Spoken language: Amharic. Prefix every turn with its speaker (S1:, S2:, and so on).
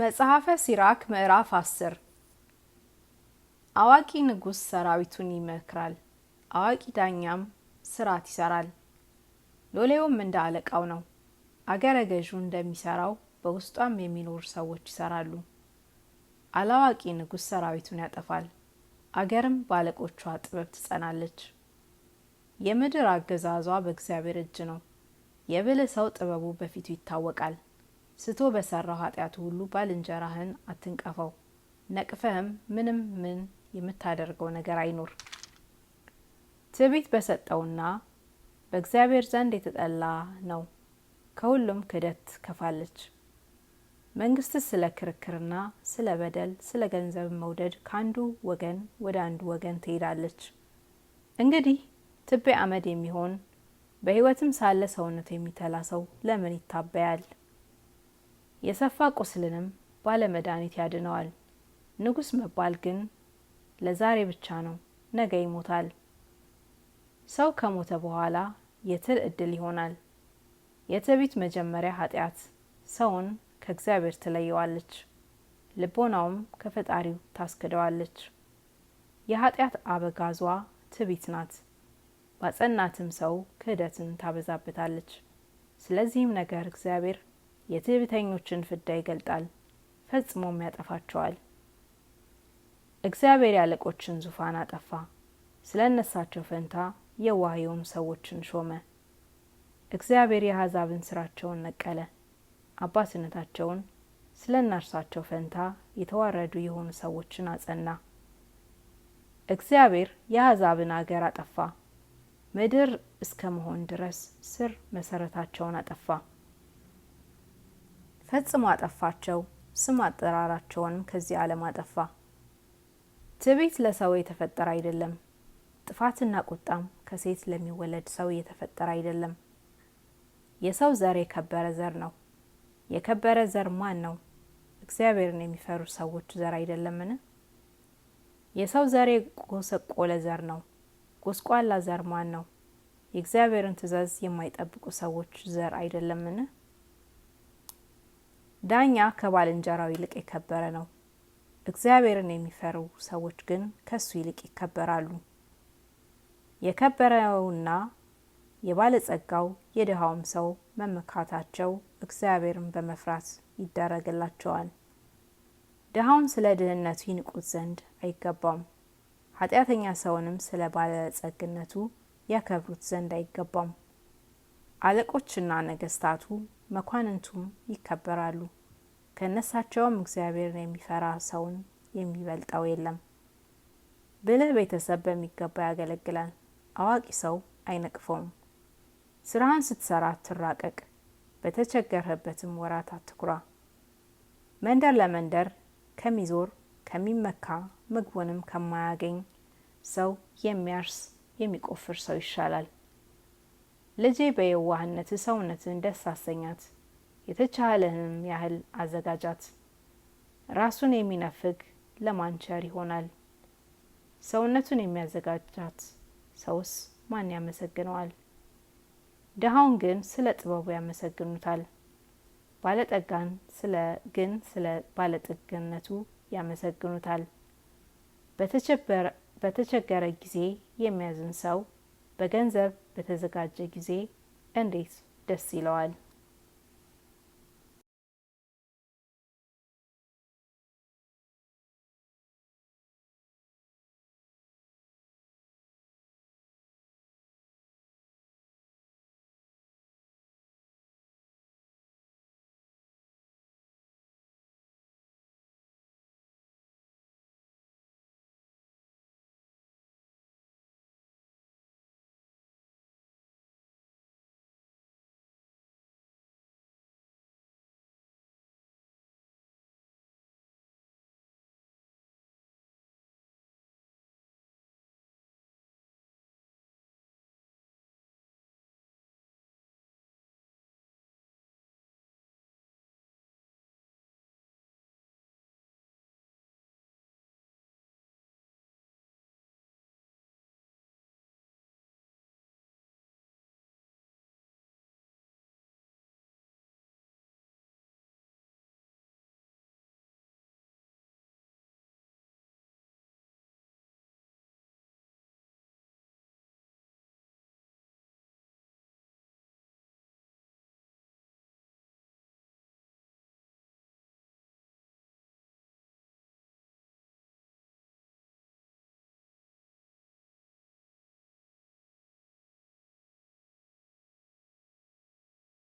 S1: መጽሐፈ ሲራክ ምዕራፍ አስር አዋቂ ንጉሥ ሰራዊቱን ይመክራል፣ አዋቂ ዳኛም ስርዓት ይሰራል። ሎሌውም እንደ አለቃው ነው፣ አገረ ገዡ እንደሚሰራው በውስጧም የሚኖሩ ሰዎች ይሰራሉ። አላዋቂ ንጉሥ ሰራዊቱን ያጠፋል፣ አገርም በአለቆቿ ጥበብ ትጸናለች። የምድር አገዛዟ በእግዚአብሔር እጅ ነው፣ የብልህ ሰው ጥበቡ በፊቱ ይታወቃል። ስቶ በሰራው ኃጢአቱ ሁሉ ባልንጀራህን አትንቀፈው፣ ነቅፈህም ምንም ምን የምታደርገው ነገር አይኖር። ትዕቢት በሰጠውና በእግዚአብሔር ዘንድ የተጠላ ነው፣ ከሁሉም ክደት ትከፋለች። መንግስት ስለ ክርክርና ስለ በደል፣ ስለ ገንዘብ መውደድ ከአንዱ ወገን ወደ አንዱ ወገን ትሄዳለች። እንግዲህ ትቤ አመድ የሚሆን በሕይወትም ሳለ ሰውነት የሚተላ ሰው ለምን ይታበያል? የሰፋ ቁስልንም ባለመድኃኒት ያድነዋል። ንጉስ መባል ግን ለዛሬ ብቻ ነው፣ ነገ ይሞታል። ሰው ከሞተ በኋላ የትል እድል ይሆናል። የትዕቢት መጀመሪያ ኃጢአት ሰውን ከእግዚአብሔር ትለየዋለች፣ ልቦናውም ከፈጣሪው ታስክደዋለች። የኃጢአት አበጋዟ ትዕቢት ናት፣ ባጸናትም ሰው ክህደትን ታበዛበታለች። ስለዚህም ነገር እግዚአብሔር የትዕቢተኞችን ፍዳ ይገልጣል፣ ፈጽሞም ያጠፋቸዋል። እግዚአብሔር ያለቆችን ዙፋን አጠፋ፣ ስለ እነሳቸው ፈንታ የሆኑ ሰዎችን ሾመ። እግዚአብሔር የአሕዛብን ስራቸውን ነቀለ፣ አባትነታቸውን ስለ እናርሳቸው ፈንታ የተዋረዱ የሆኑ ሰዎችን አጸና። እግዚአብሔር የአሕዛብን አገር አጠፋ፣ ምድር እስከ መሆን ድረስ ስር መሰረታቸውን አጠፋ። ፈጽሞ አጠፋቸው። ስም አጠራራቸውንም ከዚህ ዓለም አጠፋ። ትዕቢት ለሰው የተፈጠረ አይደለም። ጥፋትና ቁጣም ከሴት ለሚወለድ ሰው የተፈጠረ አይደለም። የሰው ዘር የከበረ ዘር ነው። የከበረ ዘር ማን ነው? እግዚአብሔርን የሚፈሩ ሰዎች ዘር አይደለምን? የሰው ዘር የጎሰቆለ ዘር ነው። ጎስቋላ ዘር ማን ነው? የእግዚአብሔርን ትእዛዝ የማይጠብቁ ሰዎች ዘር አይደለምን? ዳኛ ከባልንጀራው ይልቅ የከበረ ነው፣ እግዚአብሔርን የሚፈሩ ሰዎች ግን ከሱ ይልቅ ይከበራሉ። የከበረውና የባለጸጋው የድሃውም ሰው መመካታቸው እግዚአብሔርን በመፍራት ይደረግላቸዋል። ድሃውን ስለ ድህነቱ ይንቁት ዘንድ አይገባም፣ ኃጢአተኛ ሰውንም ስለ ባለጸግነቱ ያከብሩት ዘንድ አይገባም። አለቆችና ነገስታቱ መኳንንቱም ይከበራሉ። ከእነሳቸውም እግዚአብሔርን የሚፈራ ሰውን የሚበልጠው የለም። ብልህ ቤተሰብ በሚገባ ያገለግላል፣ አዋቂ ሰው አይነቅፈውም። ስራህን ስትሰራ አትራቀቅ፣ በተቸገርህበትም ወራት አትኩራ። መንደር ለመንደር ከሚዞር ከሚመካ ምግቡንም ከማያገኝ ሰው የሚያርስ የሚቆፍር ሰው ይሻላል። ልጄ በየዋህነት ሰውነትን ደስ አሰኛት፣ የተቻለህንም ያህል አዘጋጃት። ራሱን የሚነፍግ ለማን ቸር ይሆናል? ሰውነቱን የሚያዘጋጃት ሰውስ ማን ያመሰግነዋል? ድሀውን ግን ስለ ጥበቡ ያመሰግኑታል፣ ባለጠጋን ስለ ግን ስለ ባለጠግነቱ ያመሰግኑታል። በተቸገረ ጊዜ የሚያዝን ሰው በገንዘብ በተዘጋጀ ጊዜ እንዴት ደስ ይለዋል።